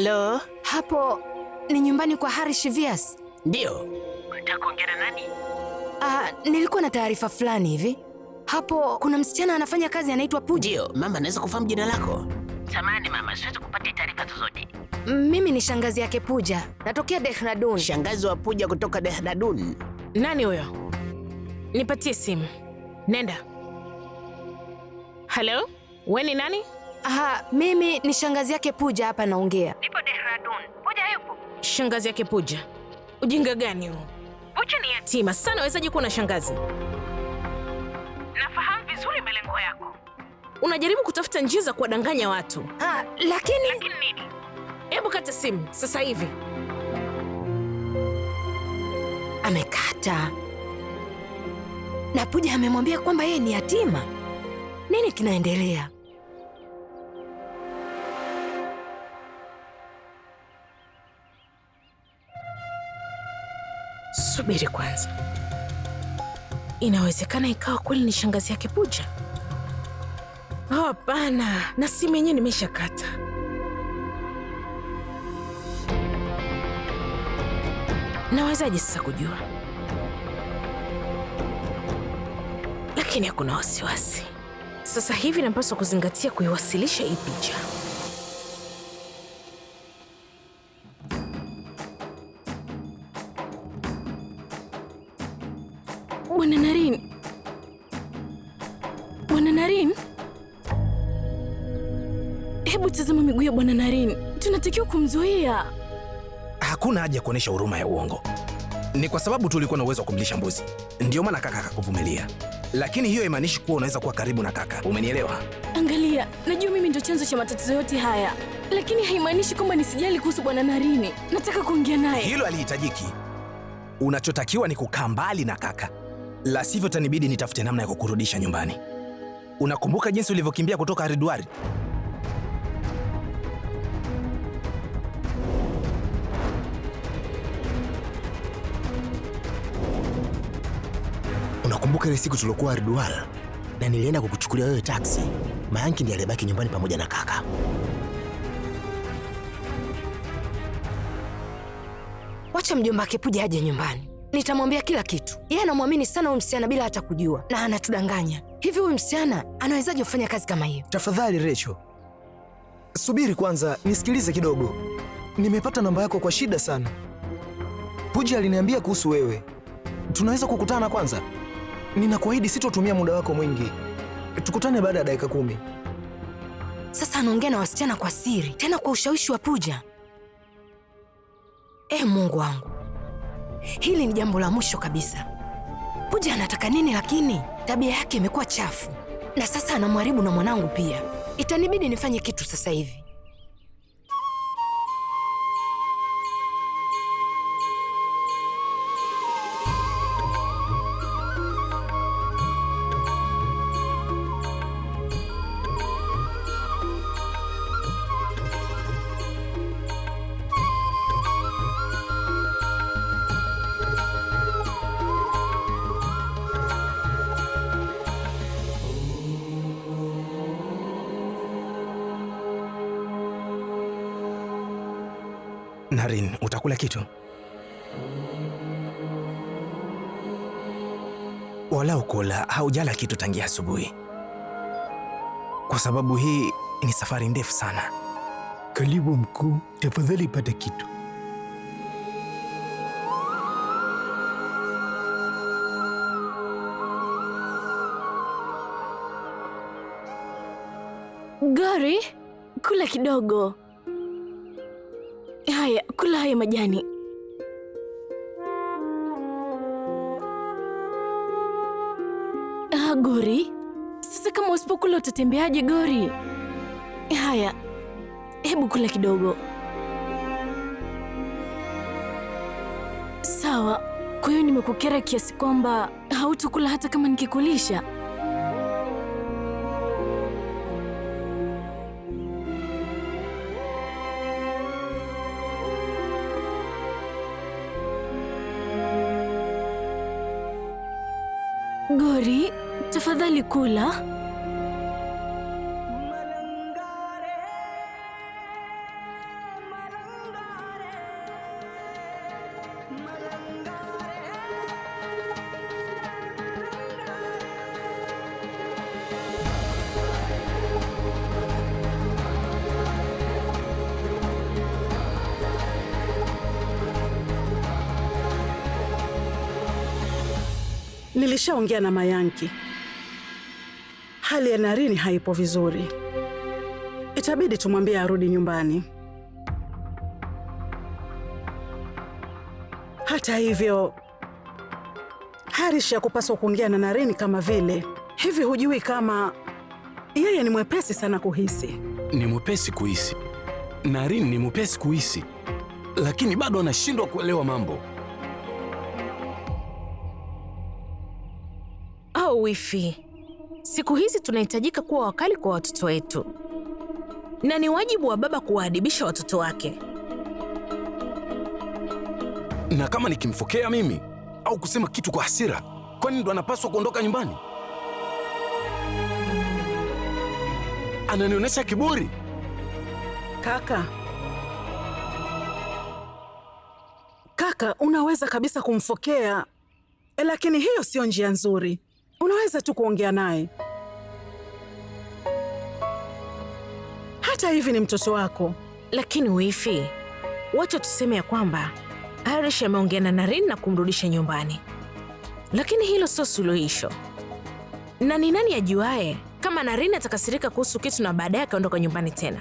Halo, hapo ni nyumbani kwa Harish Vyas? Ndio. Unataka kuongea na nani? Ah, nilikuwa na taarifa fulani hivi. Hapo kuna msichana anafanya kazi anaitwa Pooja. mama anaweza kufahamu jina lako? Samani mama, siwezi kupata taarifa zozote. Mimi ni shangazi yake puja Natokea Dehradun. Shangazi wa puja kutoka Dehradun. Nani huyo? Nipatie simu. Nenda. Halo? Wewe ni nani? Aha, mimi ni shangazi yake puja hapa naongea. Nipo Dehradun. Puja yupo? Shangazi yake puja Ujinga gani huu? puja ni yatima sana, wezaje kuwa na shangazi? Nafahamu vizuri malengo yako. Unajaribu kutafuta njia za kuwadanganya watu. Ha, ah, lakini lakini nini? Hebu kata simu sasa hivi. Amekata na puja amemwambia kwamba yeye ni yatima. Nini kinaendelea? Subiri kwanza, inawezekana ikawa kweli ni shangazi yake Puja. Hapana, oh, na simu yenyewe nimeshakata. Nawezaje sasa kujua? Lakini hakuna wasiwasi, sasa hivi napaswa kuzingatia kuiwasilisha hii picha. Ulitakiwa kumzuia. Hakuna haja ya kuonyesha huruma ya uongo. Ni kwa sababu tu ulikuwa na uwezo wa kumlisha mbuzi, ndio maana kaka akakuvumilia, lakini hiyo haimaanishi kuwa unaweza kuwa karibu na kaka. Umenielewa? Angalia, najua mimi ndio chanzo cha matatizo yote haya, lakini haimaanishi kwamba nisijali kuhusu bwana Narini. Nataka kuongea naye. Hilo alihitajiki. Unachotakiwa ni kukaa mbali na kaka, la sivyo tanibidi nitafute namna ya kukurudisha nyumbani. Unakumbuka jinsi ulivyokimbia kutoka Haridwari? Unakumbuka ile siku tuliokuwa Ardual na nilienda kukuchukulia wewe taksi? Mayanki ndiye alibaki nyumbani pamoja na kaka. Wacha mjomba akepuja aje nyumbani, nitamwambia kila kitu. Yeye anamwamini sana huyu msichana bila hata kujua, na anatudanganya. Hivi huyu msichana anawezaje kufanya kazi kama hiyo? Tafadhali Recho, subiri kwanza nisikilize kidogo. Nimepata namba yako kwa shida sana. Puja aliniambia kuhusu wewe, tunaweza kukutana kwanza? Ninakuahidi sitotumia muda wako mwingi. Tukutane baada ya dakika kumi. Sasa anaongea na wasichana kwa siri, tena kwa ushawishi wa puja E, Mungu wangu, hili ni jambo la mwisho kabisa. puja anataka nini? Lakini tabia yake imekuwa chafu, na sasa anamharibu na mwanangu pia. Itanibidi nifanye kitu sasa hivi. Naren, utakula kitu wala ukula haujala kitu tangia asubuhi, kwa sababu hii ni safari ndefu sana. Kalibu mkuu, tafadhali pata kitu. Gari, kula kidogo. Haya, kula haya majani. Ah, Gori, sasa kama usipokula utatembeaje Gori? Haya, hebu kula kidogo. Sawa, kwa hiyo nimekukera kiasi kwamba hautakula hata kama nikikulisha? Tafadhali kula. Nilishaongea na Mayanki hali ya narini haipo vizuri, itabidi tumwambie arudi nyumbani. Hata hivyo, Harish hakupaswa kuongea na narini kama vile hivi. Hujui kama yeye ni mwepesi sana kuhisi? Ni mwepesi kuhisi, Narini ni mwepesi kuhisi, lakini bado anashindwa kuelewa mambo. Au wifi Siku hizi tunahitajika kuwa wakali kwa watoto wetu, na ni wajibu wa baba kuwaadibisha watoto wake. Na kama nikimfokea mimi au kusema kitu kwa hasira, kwani ndo anapaswa kuondoka nyumbani? Ananionyesha kiburi kaka. Kaka, unaweza kabisa kumfokea, lakini hiyo sio njia nzuri unaweza tu kuongea naye. Hata hivi ni mtoto wako. Lakini wifi, wacha tuseme ya kwamba Harish ameongea na Naren na kumrudisha nyumbani, lakini hilo sio suluhisho. Na ni nani ajuaye kama Naren atakasirika kuhusu kitu na baadaye akaondoka nyumbani tena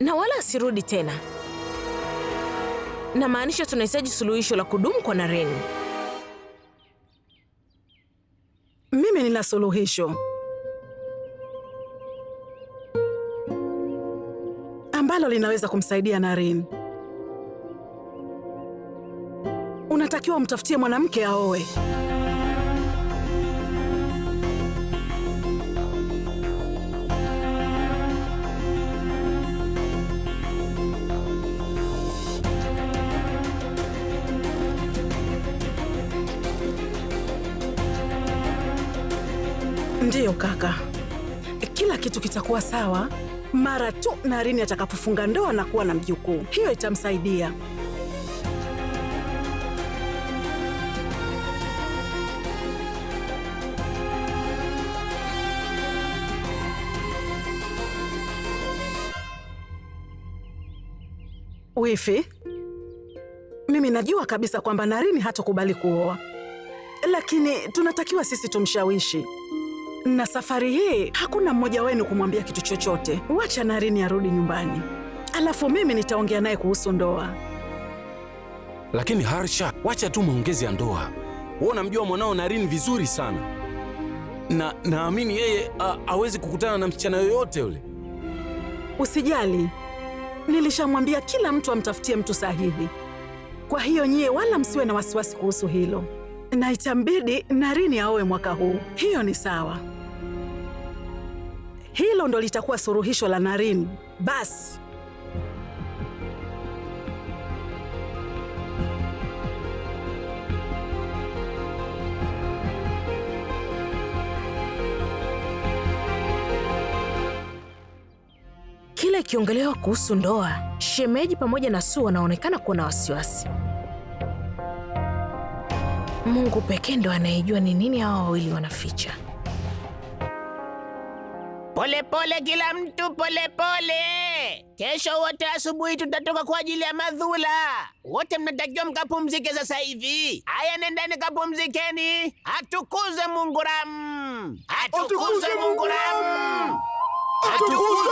na wala asirudi tena? Namaanisha tunahitaji suluhisho la kudumu kwa Naren. lina suluhisho ambalo linaweza kumsaidia Naren. Unatakiwa umtafutie mwanamke aoe. Ndiyo kaka, kila kitu kitakuwa sawa mara tu Naren atakapofunga ndoa na kuwa na mjukuu. Hiyo itamsaidia. Wifi, mimi najua kabisa kwamba Naren hatakubali kuoa, lakini tunatakiwa sisi tumshawishi na safari hii hakuna mmoja wenu kumwambia kitu chochote. Wacha narini arudi nyumbani, alafu mimi nitaongea naye kuhusu ndoa. Lakini Harsha, wacha tu maongezi ya ndoa. Wewe unamjua mwanao narini vizuri sana, na naamini yeye hawezi kukutana na msichana yoyote yule. Usijali, nilishamwambia kila mtu amtafutie mtu sahihi. Kwa hiyo nyie wala msiwe na wasiwasi kuhusu hilo, na itambidi narini aowe mwaka huu. Hiyo ni sawa. Hilo ndo litakuwa suruhisho la Naren. Basi kila ikiongelewa kuhusu ndoa, shemeji pamoja na su wanaonekana kuwa na wasiwasi. Mungu pekee ndo anayejua ni nini hawa wawili wanaficha. Pole pole kila mtu, pole pole. Kesho wote asubuhi tutatoka kwa ajili ya madhula. Wote mnatakiwa mkapumzike sasa hivi. Haya, nendeni kapumzikeni. Atukuze Ram, atukuze Ram, atukuze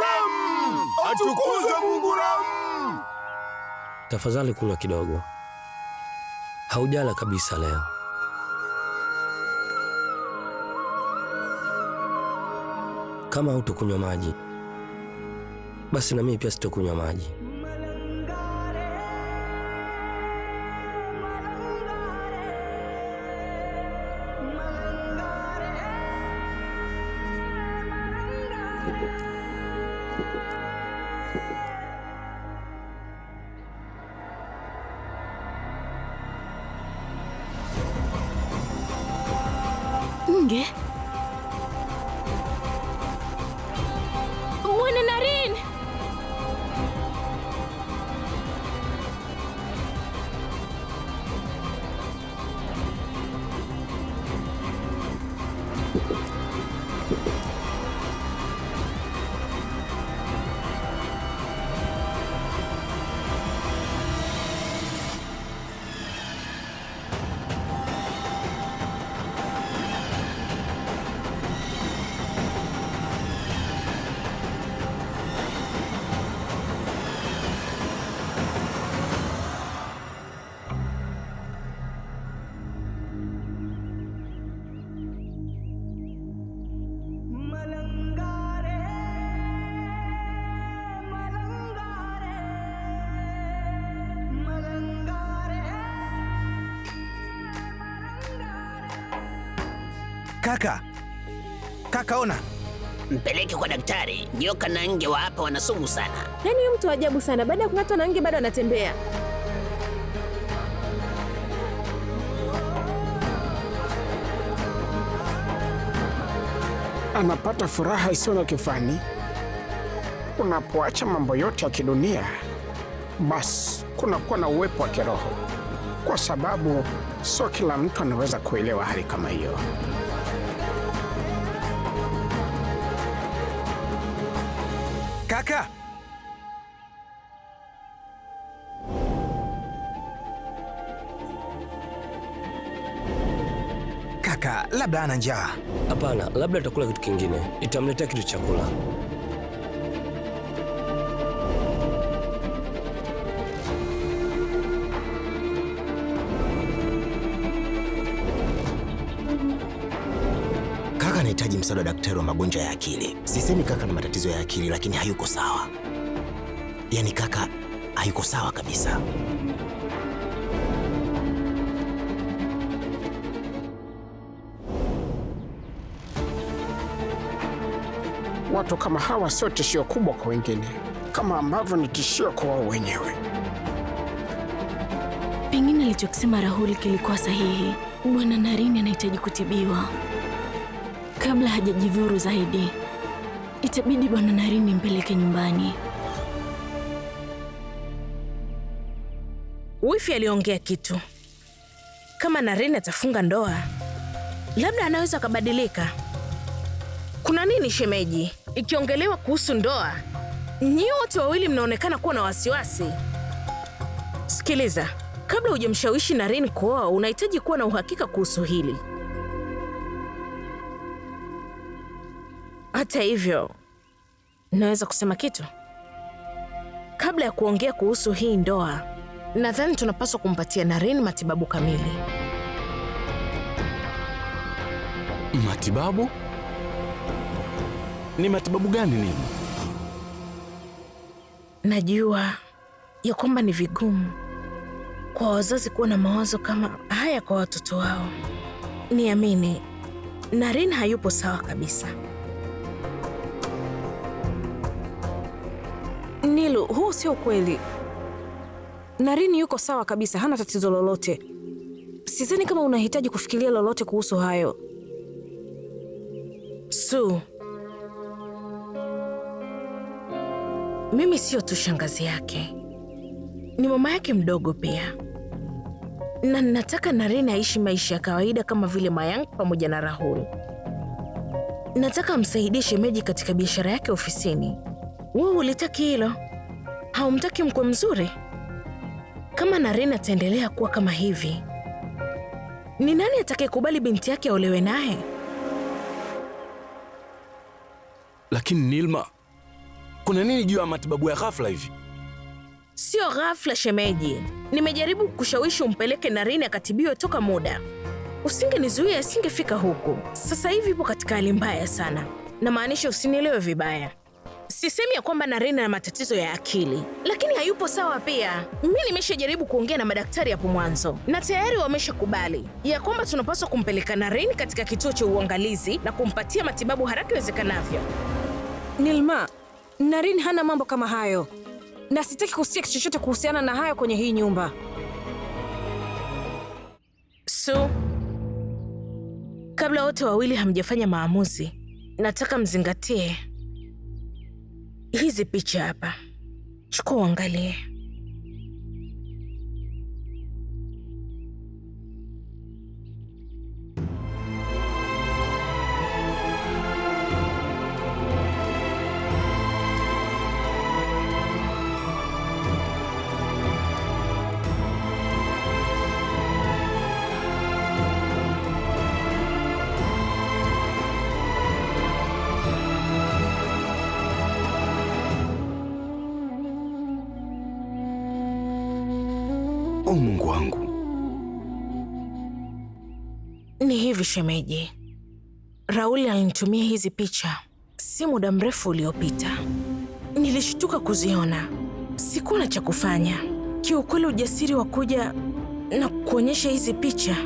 Ram, atukuze Ram. Tafadhali kula kidogo, haujala kabisa leo. kama hutokunywa maji, basi na mimi pia sitokunywa maji. Kaka, kaka, ona, mpeleke kwa daktari. Nyoka na nge wa hapa wana sumu sana. Yaani huyu mtu ajabu sana, baada ya kung'atwa na nge bado anatembea. Anapata furaha isiyo na kifani. Unapoacha mambo yote ya kidunia, basi kunakuwa na uwepo wa kiroho, kwa sababu sio kila mtu anaweza kuelewa hali kama hiyo. Пока! Kaka, labda ana njaa. Hapana, labda atakula kitu kingine, itamletea kitu cha kula. anahitaji msaada wa daktari wa magonjwa ya akili. Sisemi kaka na matatizo ya akili, lakini hayuko sawa. Yaani kaka hayuko sawa kabisa. Watu kama hawa sio tishio kubwa kwa wengine kama ambavyo ni tishio kwa wao wenyewe. Pengine alichokisema Rahul kilikuwa sahihi. Bwana narini anahitaji kutibiwa. Kabla hajajidhuru zaidi, itabidi Bwana Narini mpeleke nyumbani. Wifi aliongea kitu kama Narini atafunga ndoa, labda anaweza akabadilika. Kuna nini shemeji? Ikiongelewa kuhusu ndoa, nyie wote wawili mnaonekana kuwa na wasiwasi. Sikiliza, kabla hujamshawishi Narini kuoa, unahitaji kuwa na uhakika kuhusu hili. Hata hivyo, naweza kusema kitu kabla ya kuongea kuhusu hii ndoa. Nadhani tunapaswa kumpatia Naren matibabu kamili. Matibabu? Ni matibabu gani? Nini? Najua ya kwamba ni vigumu kwa wazazi kuwa na mawazo kama haya kwa watoto wao. Niamini, Naren hayupo sawa kabisa. huu sio kweli. Naren yuko sawa kabisa, hana tatizo lolote. Sidhani kama unahitaji kufikiria lolote kuhusu hayo. Su, mimi sio tu shangazi yake, ni mama yake mdogo pia, na nataka Naren aishi maisha ya kawaida kama vile Mayank pamoja na Rahul. Nataka amsaidie shemeji katika biashara yake ofisini. Wewe ulitaki hilo? haumtaki mkwe mzuri? Kama Naren ataendelea kuwa kama hivi, ni nani atakayekubali binti yake aolewe naye? Lakini Nilma, kuna nini juu ya matibabu ya ghafla hivi? Sio ghafla shemeji, nimejaribu kushawishi umpeleke Naren akatibiwe toka muda. Usingenizuia asingefika huku. Sasa hivi ipo katika hali mbaya sana, namaanisha usinielewe vibaya. Sisemi ya kwamba Naren ana matatizo ya akili, lakini hayupo sawa pia. mi nimeshajaribu kuongea na madaktari hapo mwanzo na tayari wameshakubali ya kwamba tunapaswa kumpeleka Naren katika kituo cha uangalizi na kumpatia matibabu haraka iwezekanavyo. Nilma, Naren hana mambo kama hayo, na sitaki kusikia kitu chochote kuhusiana na hayo kwenye hii nyumba. So, kabla wote wawili hamjafanya maamuzi, nataka mzingatie hizi picha hapa, chukua uangalie. au Mungu wangu. Ni hivi shemeji, Rauli alinitumia hizi picha si muda mrefu uliopita. Nilishtuka kuziona, sikuwa na cha kufanya kiukweli. Ujasiri wa kuja na kuonyesha hizi picha,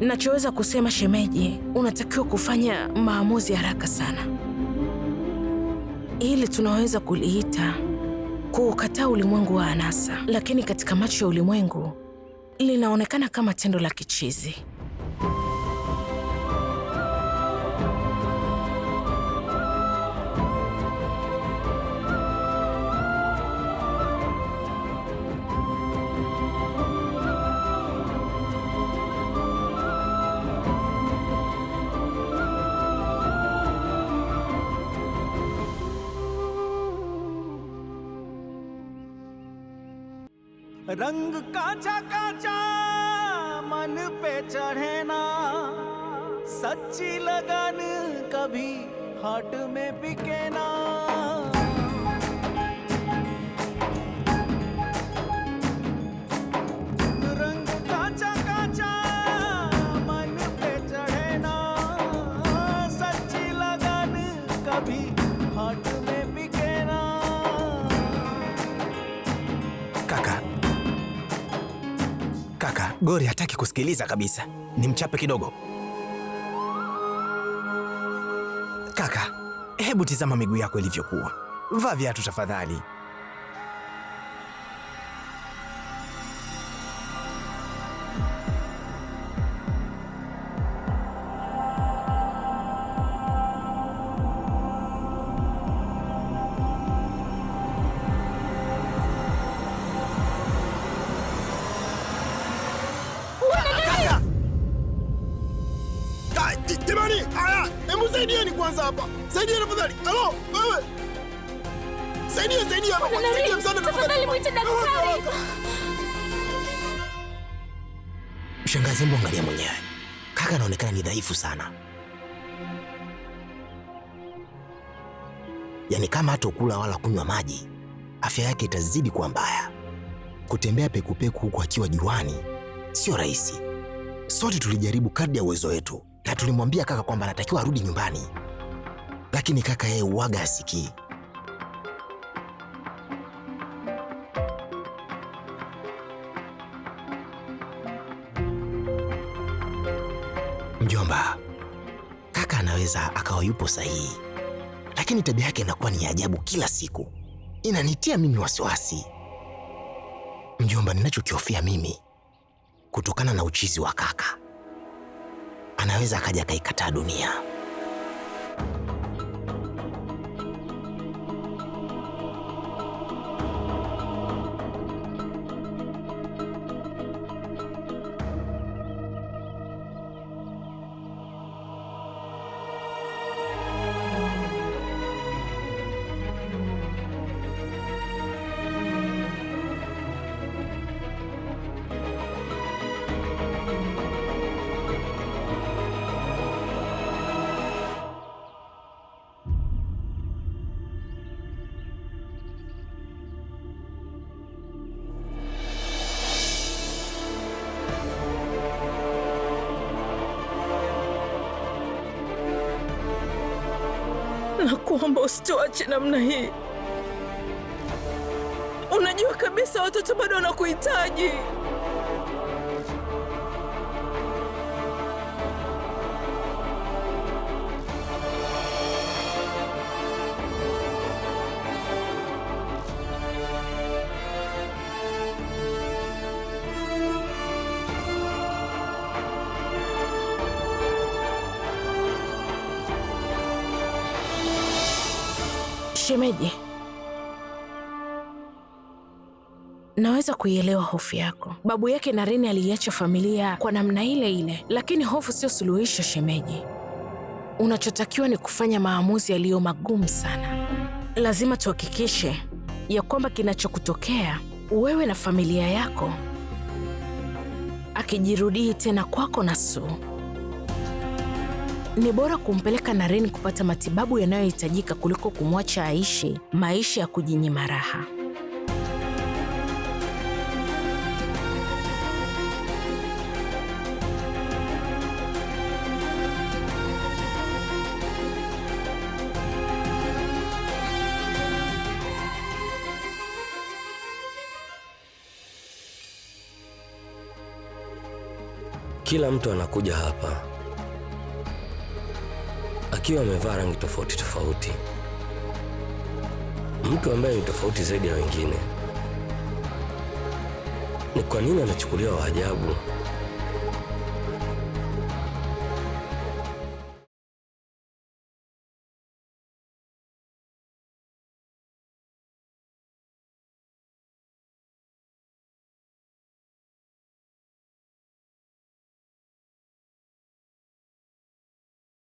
nachoweza kusema shemeji, unatakiwa kufanya maamuzi haraka sana. ili tunaweza kuliita kuukataa ulimwengu wa anasa, lakini katika macho ya ulimwengu linaonekana kama tendo la kichizi. रंग काचा काचा मन पे चढ़ेना सच्ची लगन कभी हाट में बिके ना Gori hataki kusikiliza kabisa, ni mchape kidogo. Kaka, hebu tizama miguu yako ilivyokuwa. Vaa viatu tafadhali. kwanza hapa. Saidia tafadhali. Halo, wewe. Saidia, saidia hapa. Saidia msaada tafadhali. Tafadhali mwite daktari. Mshangazi, hebu angalia mwenyewe. Kaka anaonekana ni dhaifu sana. Yaani kama hata kula wala kunywa maji, afya yake itazidi kuwa mbaya. Kutembea pekupeku huku akiwa juani sio rahisi. Sote tulijaribu kadri ya uwezo wetu na tulimwambia kaka kwamba anatakiwa arudi nyumbani lakini kaka yeye uwaga asikii. Mjomba, kaka anaweza akawa yupo sahihi, lakini tabia yake inakuwa ni ajabu kila siku, inanitia mimi wasiwasi. Mjomba, ninachokihofia mimi kutokana na uchizi wa kaka, anaweza akaja akaikataa dunia. na kuomba usituache namna hii. Unajua kabisa watoto bado wanakuhitaji. Shemeji, naweza kuielewa hofu yako. Babu yake narini aliiacha familia kwa namna ile ile, lakini hofu sio suluhisho shemeji. Unachotakiwa ni kufanya maamuzi yaliyo magumu sana. Lazima tuhakikishe ya kwamba kinachokutokea wewe na familia yako akijirudii tena kwako na Suu. Ni bora kumpeleka Naren kupata matibabu yanayohitajika kuliko kumwacha aishi maisha ya kujinyima raha. Kila mtu anakuja hapa akiwa amevaa rangi tofauti tofauti, mtu ambaye ni tofauti zaidi ya wengine. Ni kwa nini anachukuliwa waajabu?